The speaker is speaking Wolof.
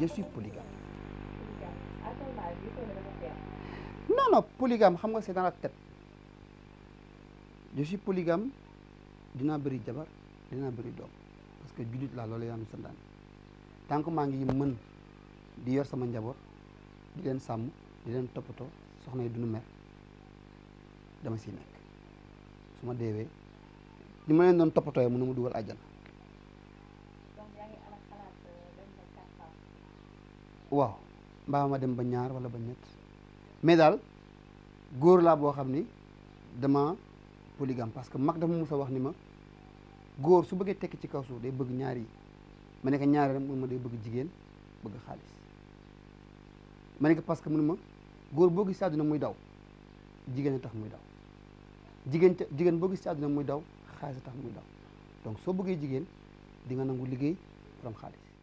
je suis polygame. non non polygame xam nga c'est dans la tête je suis polygame dinaa bëri jabar dinaa bëri doom parce que jullit laa loolu yaa ngi santaan tant que maa ngi mën di yor sama njaboot di leen sàmm di leen toppatoo soxna duñu mer dama siy nekk su ma deewee li ma leen doon toppatooyee mën na mu dugal àjjana waaw mbaa ma dem ba ñaar wala ba ñett mais daal góor laa boo xam ni dama polygame parce que mag dafa mus sa wax ni ma góor su bëggee tekki ci kaw suuf day bëgg ñaari yi ma ne ko ñaari rek mun ma day bëgg jigéen bëgg xaalis ma ne ko parce que mun ma góor boo gis ci muy daw jigéen a tax muy daw jigéen jigéen boo gis ci àdduna muy daw xaalis a tax muy daw donc soo bëggee jigéen di nga nangu liggéey borom xaalis